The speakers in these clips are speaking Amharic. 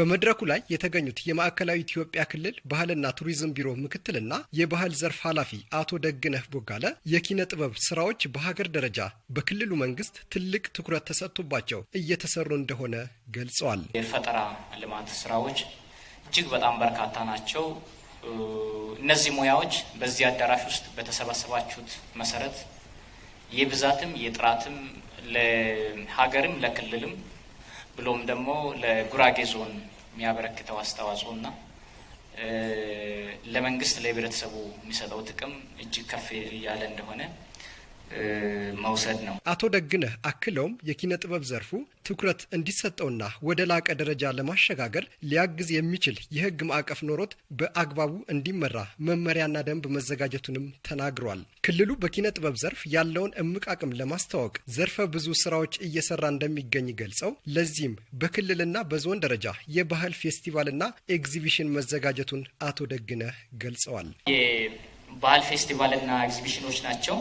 በመድረኩ ላይ የተገኙት የማዕከላዊ ኢትዮጵያ ክልል ባህልና ቱሪዝም ቢሮ ምክትልና የባህል ዘርፍ ኃላፊ አቶ ደግነህ ቦጋለ የኪነ ጥበብ ስራዎች በሀገር ደረጃ በክልሉ መንግስት ትልቅ ትኩረት ተሰጥቶባቸው እየተሰሩ እንደሆነ ገልጸዋል። የፈጠራ ልማት ስራዎች እጅግ በጣም በርካታ ናቸው። እነዚህ ሙያዎች በዚህ አዳራሽ ውስጥ በተሰበሰባችሁት መሰረት የብዛትም የጥራትም ለሀገርም ለክልልም ብሎም ደግሞ ለጉራጌ ዞን የሚያበረክተው አስተዋጽኦ እና ለመንግስት ለህብረተሰቡ የሚሰጠው ጥቅም እጅግ ከፍ እያለ እንደሆነ መውሰድ ነው። አቶ ደግነህ አክለውም የኪነ ጥበብ ዘርፉ ትኩረት እንዲሰጠውና ወደ ላቀ ደረጃ ለማሸጋገር ሊያግዝ የሚችል የህግ ማዕቀፍ ኖሮት በአግባቡ እንዲመራ መመሪያና ደንብ መዘጋጀቱንም ተናግሯል። ክልሉ በኪነ ጥበብ ዘርፍ ያለውን እምቅ አቅም ለማስተዋወቅ ዘርፈ ብዙ ስራዎች እየሰራ እንደሚገኝ ገልጸው ለዚህም በክልልና በዞን ደረጃ የባህል ፌስቲቫልና ኤግዚቢሽን መዘጋጀቱን አቶ ደግነህ ገልጸዋል። የባህል ፌስቲቫልና ኤግዚቢሽኖች ናቸው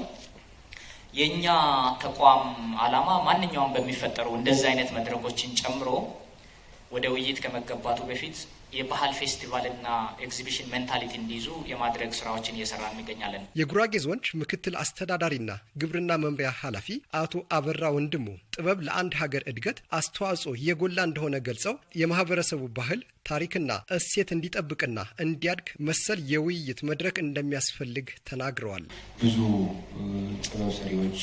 የእኛ ተቋም ዓላማ ማንኛውም በሚፈጠሩ እንደዚህ አይነት መድረኮችን ጨምሮ ወደ ውይይት ከመገባቱ በፊት የባህል ፌስቲቫልና ኤግዚቢሽን ሜንታሊቲ እንዲይዙ የማድረግ ስራዎችን እየሰራ እንገኛለን። የጉራጌ ዞን ምክትል አስተዳዳሪና ግብርና መምሪያ ኃላፊ አቶ አበራ ወንድሙ ጥበብ ለአንድ ሀገር እድገት አስተዋጽኦ የጎላ እንደሆነ ገልጸው የማህበረሰቡ ባህል ታሪክና እሴት እንዲጠብቅና እንዲያድግ መሰል የውይይት መድረክ እንደሚያስፈልግ ተናግረዋል። ብዙ ጥበብ ሰሪዎች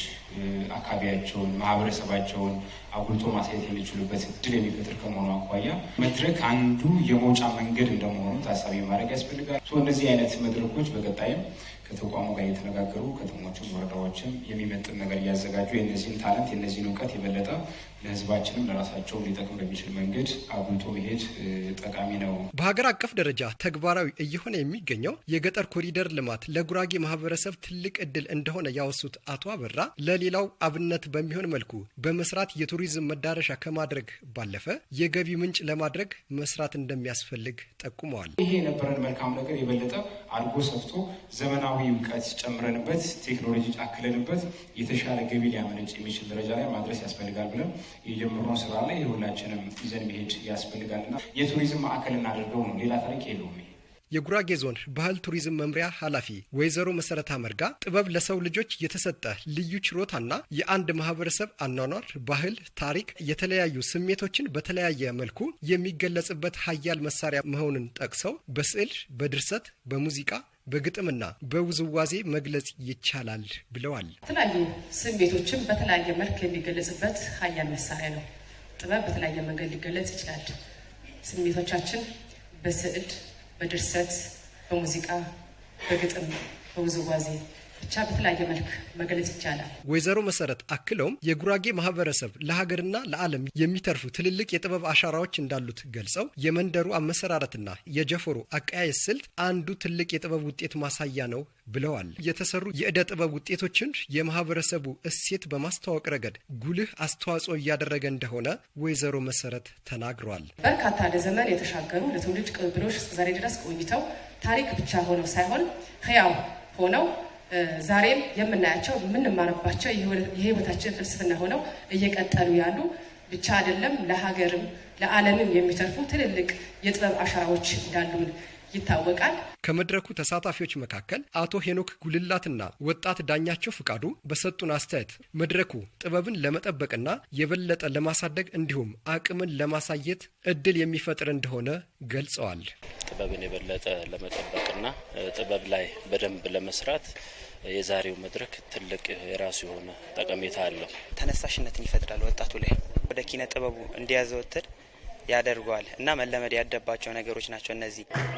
አካባቢያቸውን፣ ማህበረሰባቸውን አጉልቶ ማሳየት የሚችሉበት እድል የሚፈጥር ከመሆኑ አኳያ መድረክ አንዱ የመውጫ መንገድ እንደመሆኑ ታሳቢ ማድረግ ያስፈልጋል። እነዚህ አይነት መድረኮች በቀጣይም ከተቋሙ ጋር እየተነጋገሩ ከተሞችም ወረዳዎችም የሚመጥን ነገር እያዘጋጁ የእነዚህን ታለንት የእነዚህን እውቀት የበለጠ ለህዝባችንም ለራሳቸው ሊጠቅም በሚችል መንገድ አጉልቶ መሄድ ጠቃሚ ነው። በሀገር አቀፍ ደረጃ ተግባራዊ እየሆነ የሚገኘው የገጠር ኮሪደር ልማት ለጉራጌ ማህበረሰብ ትልቅ እድል እንደሆነ ያወሱት አቶ አበራ ለሌላው አብነት በሚሆን መልኩ በመስራት የቱሪዝም መዳረሻ ከማድረግ ባለፈ የገቢ ምንጭ ለማድረግ መስራት እንደሚያስፈልግ ጠቁመዋል። ይሄ የነበረን መልካም ነገር የበለጠ አልጎ ሰፍቶ ዘመናዊ እውቀት ጨምረንበት ቴክኖሎጂ ጫክለንበት የተሻለ ገቢ ሊያመነጭ የሚችል ደረጃ ላይ ማድረስ ያስፈልጋል ብለን የጀመርነው ስራ ላይ የሁላችንም ይዘን መሄድ ያስፈልጋልና የቱሪዝም ማዕከል እናደርገው ነው። ሌላ ታሪክ የለውም። የጉራጌ ዞን ባህል ቱሪዝም መምሪያ ኃላፊ ወይዘሮ መሰረታ መርጋ ጥበብ ለሰው ልጆች የተሰጠ ልዩ ችሮታና የአንድ ማህበረሰብ አኗኗር፣ ባህል፣ ታሪክ የተለያዩ ስሜቶችን በተለያየ መልኩ የሚገለጽበት ሀያል መሳሪያ መሆኑን ጠቅሰው በስዕል፣ በድርሰት፣ በሙዚቃ በግጥምና በውዝዋዜ መግለጽ ይቻላል ብለዋል። የተለያዩ ስሜቶችን በተለያየ መልክ የሚገለጽበት ሀያል መሳሪያ ነው። ጥበብ በተለያየ መንገድ ሊገለጽ ይችላል። ስሜቶቻችን በስዕል በድርሰት፣ በሙዚቃ፣ በግጥም፣ በውዝዋዜ ብቻ በተለያየ መልክ መግለጽ ይቻላል። ወይዘሮ መሰረት አክለውም የጉራጌ ማህበረሰብ ለሀገርና ለዓለም የሚተርፉ ትልልቅ የጥበብ አሻራዎች እንዳሉት ገልጸው የመንደሩ አመሰራረትና የጀፈሩ አቀያየስ ስልት አንዱ ትልቅ የጥበብ ውጤት ማሳያ ነው ብለዋል። የተሰሩ የእደ ጥበብ ውጤቶችን የማህበረሰቡ እሴት በማስተዋወቅ ረገድ ጉልህ አስተዋጽኦ እያደረገ እንደሆነ ወይዘሮ መሰረት ተናግሯል። በርካታ ለዘመን የተሻገሩ ለትውልድ ቅብብሎች እስከዛሬ ድረስ ቆይተው ታሪክ ብቻ ሆነው ሳይሆን ህያው ሆነው ዛሬም የምናያቸው የምንማርባቸው የህይወታችን ፍልስፍና ሆነው እየቀጠሉ ያሉ ብቻ አይደለም ለሀገርም ለዓለምም የሚተርፉ ትልልቅ የጥበብ አሻራዎች እንዳሉን ይታወቃል። ከመድረኩ ተሳታፊዎች መካከል አቶ ሄኖክ ጉልላትና ወጣት ዳኛቸው ፍቃዱ በሰጡን አስተያየት መድረኩ ጥበብን ለመጠበቅና የበለጠ ለማሳደግ እንዲሁም አቅምን ለማሳየት እድል የሚፈጥር እንደሆነ ገልጸዋል። ጥበብን የበለጠ ለመጠበቅና ጥበብ ላይ በደንብ ለመስራት የዛሬው መድረክ ትልቅ የራሱ የሆነ ጠቀሜታ አለው። ተነሳሽነትን ይፈጥራል። ወጣቱ ላይ ወደ ኪነ ጥበቡ እንዲያዘወትር ያደርገዋል እና መለመድ ያደባቸው ነገሮች ናቸው እነዚህ